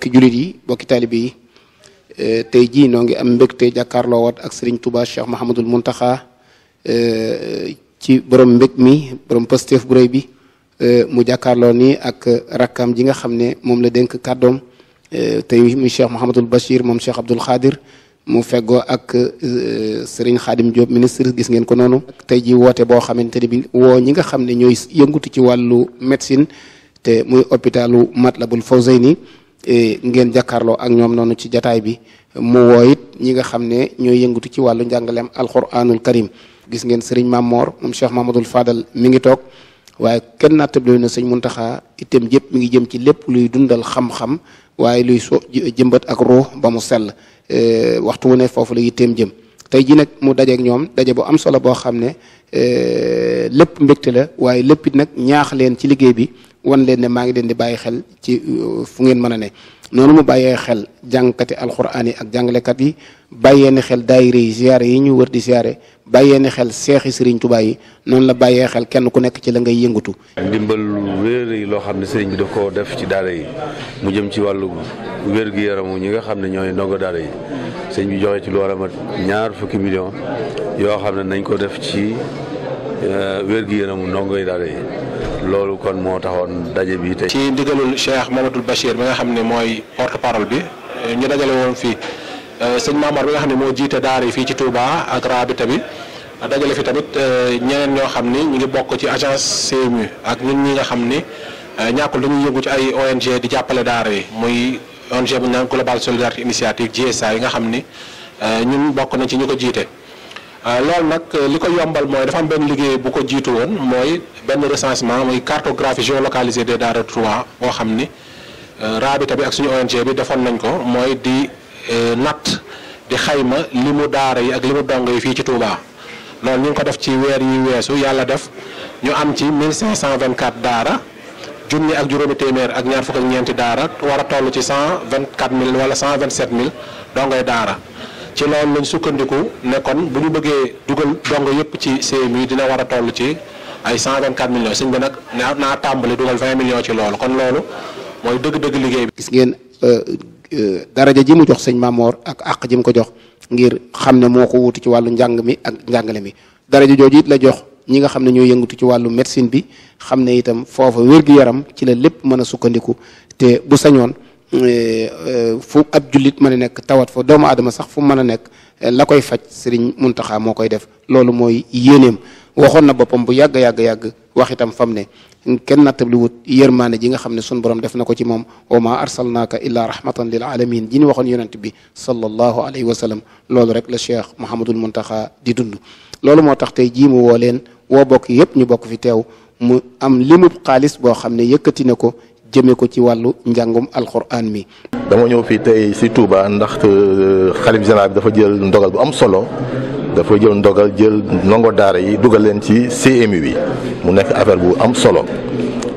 bokki jullit yi bokki taalibe yi eh, tey jii noo ngi am mbégte jàkkaarloo waat ak Serigne Touba Cheikh Mahamadul Muntaxa eh, ci borom mbég mi borom Pastef bu réy bi eh, mu jàkkaarloo ni ak rakkam ji nga xam ne moom la denk kàddoom tey muy Cheikh Mahamadul Bachir moom Cheikh Abdoul Khadir mu fego ak Serigne Khadim Diop ministre gis ngeen ko noonu. tey jii woote boo xamante ne bi woo ñi nga xam ne ñooy yëngutu ci wàllu médecine te muy hôpitalu Matlabul Fawzayni Eh, ngeen jàkkaarloo ak ñoom noonu ci jataay bi mu woo it ñi nga xam ne ñooy yëngatu ci wàllu njàngaleem alquranul karim gis ngeen sëriñ Mamor moom Cheikh Mamadul Fadal mi ngi toog waaye kenn nattable na sëñ Muntaxa itam yëpp mi ngi jëm ci lépp luy dundal xam-xam waaye luy so jëmbat ak ruux ba mu sell eh, waxtu wu ne foofu la yitteem jëm tey ji nag mu dajeek ñoom daje bu am solo boo xam ne eh, lépp mbégte la waaye léppit nag ñaax leen ci liggéey bi wan leen ne maa ngi leen di bàyyi xel ci euh, fu ngeen mën a ne noonu mu bàyyee xel jàngkati alxuraan yi ak jàngalekat yi bàyyee ni xel daayira yi ziyaare yi ñu wër di ziyaare bàyyee ni xel seexi sëriñ Tuubaa yi noonu la bàyyee xel kenn ku nekk ci la ngay yëngatu. ndimbal wéer yi loo xam ne sëriñ bi da koo def ci daara yi mu jëm ci wàllu wér gu yaramu ñi nga xam ne ñooy ndongo daara yi sëriñ bi joxe ci lu war mat ñaar fukki million yoo xam ne nañ ko def ci euh, wér gu yaramu ndongo daara loolu kon moo taxoon daje bi tey. ci ndigalul Cheikh Mamadou Bachir bi nga xam ne mooy porte parole bi ñu dajale woon fii euh, sëñ Mamar bi nga xam ne moo jiite daar yi fii ci Touba ak Rabita bi dajale fi tamit euh, ñeneen ñoo xam ni ñu ngi bokk ci agence CMU ak ñun ñi nga xam ni euh, ñàkkul dañuy yëngu ci ay ONG di jàppale daar yi muy ONG bu ñu naan Global Solidarité Initiative GSA yi nga xam ni ñun bokk nañ ci ñu ko jiite. Euh, loolu nag euh, li ko yombal mooy dafa am liggéey bu ko jiitu woon mooy benn recensement muy cartographie géolocalisée des Daara Touba boo xam ni euh, raabita bi ak suñu ONG bi defoon nañ ko mooy di natt di xayma li mu daara yi ak li mu dong yi fii ci Touba loolu ñu ngi ko def ci weer yi weesu yàlla def ñu am ci 1524 daara junni ak juróomi téeméer ak ñaar fukk ak ñeenti daara war toll ci cent vingt 124 000 wala cent vingt 127 000 dongay daara. ci loolu lañ sukkandiku ne kon bu ñu bëggee dugal dongo yëpp ci CMU dina war a toll ci ay 124 millions sëñ ba nag naa naa tàmbali dugal 20 millions ci loolu kon loolu mooy dëgg-dëgg liggéey bi. gis ngeen euh, euh, daraja ji mu jox sëñ Mamor ak àq ji mu ko jox ngir xam ne moo ko wuutu ci wàllu njàng mi ak njàngale mi daraja jooju it la jox ñi nga xam ne ñoo yëngatu ci wàllu médecine bi xam ne itam foofa wér yaram ci la lépp mën a sukkandiku te bu sañoon. Eh, eh, fu ab jullit mën a nekk tawat foo doomu adama sax fu mën a nekk eh, la koy faj sëriñ Muntaxa moo koy def loolu mooy yéeneem waxoon na boppam bu yàgg yàgg yàgg wax itam fam ne kenn nattab li wut yërmaane ji nga xam ne sun borom def na ko ci moom wa ma arsalnaaka illaa rahmatan lil alamin ji ñu waxoon yonent bi sallallahu alayhi wa sallam loolu rek la cheikh Mouhamadul Muntaxa di dund loolu moo tax tey jii mu woo leen woo bokk yëpp ñu bokk fi teew mu am limu xaalis boo xam ne yëkkati na ko jëmee ko ci wàllu njàngum alxuraan mi. dama ñëw fii tey si Touba ndax euh, xalif général bi dafa jël ndogal bu am solo dafa jël ndogal jël nongo daara yi dugal leen ci CMU bi mu nekk affaire bu am solo.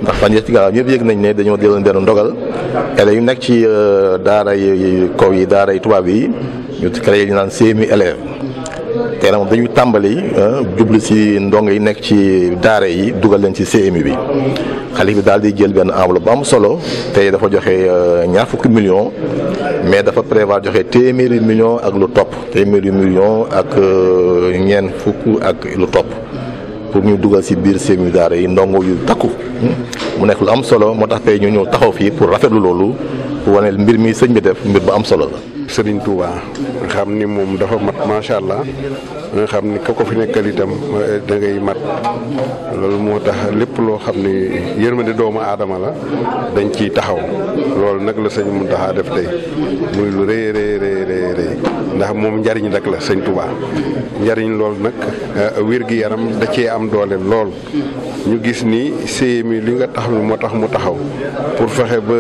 ndax fan yëpp ci gannaaw ñëpp yëg nañ ne dañoo jëloon benn ndogal élèves yu nekk ci euh, daara yi kow yi daara yi tubaab yi ñu créé ñu naan CMU élèves. tey nag moom dañu tàmbali euh, jublu si ndongo yi nekk ci daara yi dugal leen ci CMU bi xalif bi daal di jël benn enveloppe bu am solo tey dafa joxe euh, ñaar fukki million mais dafa prévoir joxe téeméeri million ak lu topp téeméeri millions ak euh, ñeent fukk ak lu topp. pour ñu dugal si biir seenu daara yi ndongo yu takku mu nekk lu am solo moo tax tey ñu ñëw taxaw fii pour rafet lu loolu pour wane mbir mi sëñ bi def mbir bu am solo la. Serigne Touba nga xam ni moom dafa mat macha allah nga xam ni ko ko fi nekkal itam eh, da ngay mat loolu moo tax lépp loo xam ni yërmande doomu aadama la dañ ciy taxaw loolu nag la sëñ Mountakha def tey muy lu rëy rëy rëy ndax moom njariñ rek la sëñ Touba njariñ lool nag eh, wér gi yaram da cee am doole lool ñu gis ni mi li nga tax moo tax mu taxaw pour fexe ba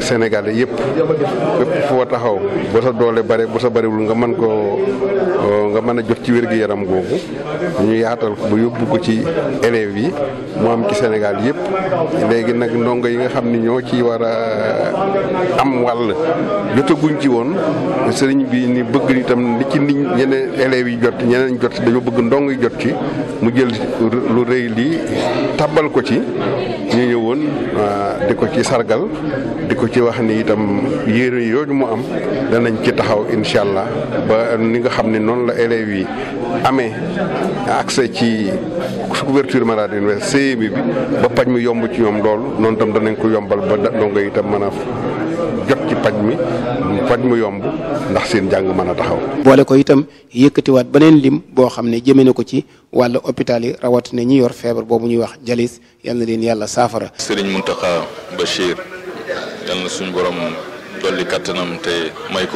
sénégal yëpp yëpp foo taxaw ba sa doole bare ba sa bariwul nga mën koo eh, nga mën a jot ci wér gi yaram googu ñu yaatal ko ba yóbbu ko ci élèves yi mu am ci Sénégal yëpp léegi nag ndongo yi nga xam ni ñoo ci war a eh, am wàll jotaguñ ci woon sëriñ bi ni bëgg ngir itam li ci nit ñeneen élèves yi jot ñeneen jot dañoo bëgg ndong yi jot ci mu jël lu rëy lii tàbbal ko ci ñu ñëwoon ah, di ko ci sargal di ko ci wax ni itam yére yooyu mu am danañ ci taxaw incha allah ba ni nga xam ne noonu la élèves yi amee accès ci couverture maladie universelle CMU bi ba paj mu yomb ci ñoom loolu noonu tam danañ ko yombal ba ndongo itam mën a jot ci paj mi paj mu yomb ndax seen jàng mën a taxaw. boole ko itam yëkkatiwaat beneen lim boo xam ne jëmee na ko ci wàllu hôpital yi rawatina ñi yor feebar boobu ñuy wax jalis yal na leen yàlla saafara. Serigne Mountakha Bachir yal na suñu borom dolli kattanam te may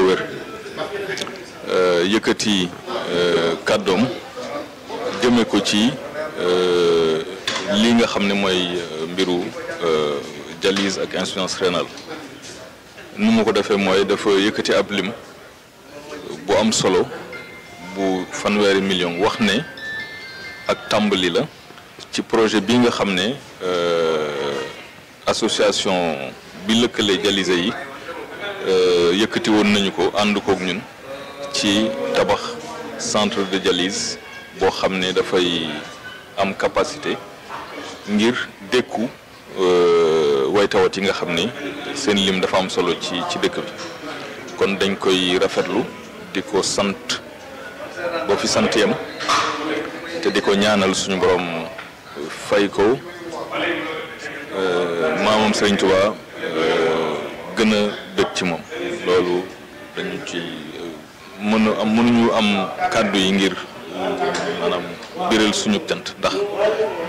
euh, yëkkati euh, kàddoom jëme ko ci. Euh, li nga xam ne mooy mbiru jalis ak insuffisance rénale nu mu ko defee mooy dafa yëkkati ab lim bu am solo bu fanweeri million wax ne ak tàmbali la ci projet bi nga xam ne euh, association bi lëkkale dialysé yi euh, yëkkati woon nañu ko ànd kook ñun ci tabax centre de dialyse boo xam ne dafay am capacité ngir dékku euh, way tawat yi nga xam ni seen lim dafa am solo ci ci dëkk bi kon dañ koy rafetlu di ko sant boo fi sant yam te di ko ñaanal suñu boroom fay ko euh, maamam Sëriñ Tuubaa euh, gën a dëkk ci moom loolu dañu ci euh, mënu am mënuñu am kàddu yi ngir maanaam biral suñu cant ndax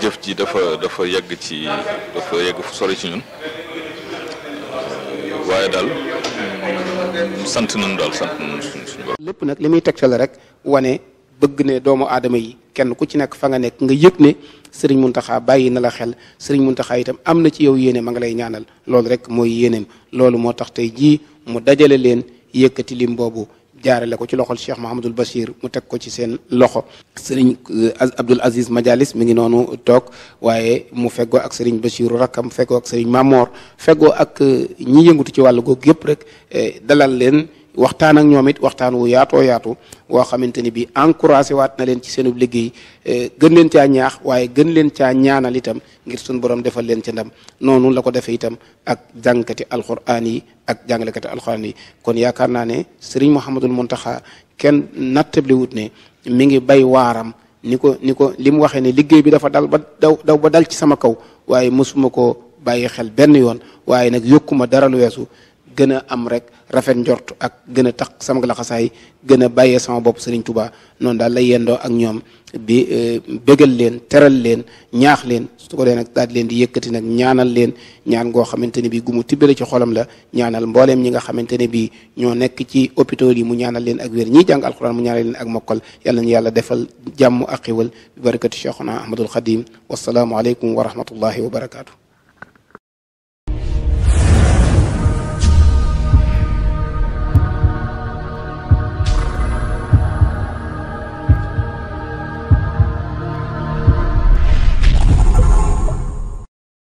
jëf ji dafa dafa yegg ci dafa yegg fu sori ci ñun euh, waaye daal mm, sant nañu daal sant nañu suñu suñu borom. lépp nag li muy tegtale rek wane bëgg ne doomu aadama yi kenn ku ci nekk fa nga nekk nga yëg ne sëriñ Muntaxa bàyyi na la xel sëriñ Muntaxa itam am na ci yow yéene ma nga lay ñaanal loolu rek mooy yéeneem loolu moo tax tey jii mu dajale leen yëkkati lim boobu. jaarale ko ci loxol Cheikh Mahamadul Bachir mu teg ko ci seen loxo sëriñ euh, Abdul Aziz Majalis mi ngi noonu toog waaye mu feggoo ak sëriñ Bachiru mu feggoo ak sëriñ Mamor feggoo ak euh, ñi yëngutu ci wàllu googu yëpp rek euh, dalal leen waxtaan ak ñoom it waxtaan wu yaatoo yaatu woo xamante ni bii encouragé waat na leen ci seenub liggéey eh, gën leen caa ñaax waaye gën leen caa ñaanal itam ngir suñu borom defal leen ci ndam noonu la ko defee itam ak jàngkati alquran yi ak jàngalekati alquran yi kon yaakaar naa ne Serigne Mouhamadul Mountakha kenn nattable wut ne mi ngi bay waaram ni ko ni ko li mu waxee ne liggéey bi dafa dal ba daw ba dal ci sama kaw waaye mosuma ko bàyyi xel benn yoon waaye nag yokkuma dara lu weesu gën a am rek rafet njort ak gën a tax sama laxasaay gën a bàyyee sama bopp Serigne Touba noonu daal la yendoo ak ñoom bi euh, bégal leen teral leen ñaax leen su ko dee nag daal leen di yëkkati nag ñaanal leen ñaan ngoo xamante ne bi gu mu tibbale ci xolam la ñaanal mbooleem ñi nga xamante ne bii ñoo nekk ci hôpitaux yi mu ñaanal leen ak wér ñiy jàng alxuraan mu ñaanal leen ak mokkal yàlla ñu yàlla defal jàmm ak xiwal bi barakati cheikhuna ahmadul xadim wasalaamu aleykum wa rahmatullahi wa barakaatu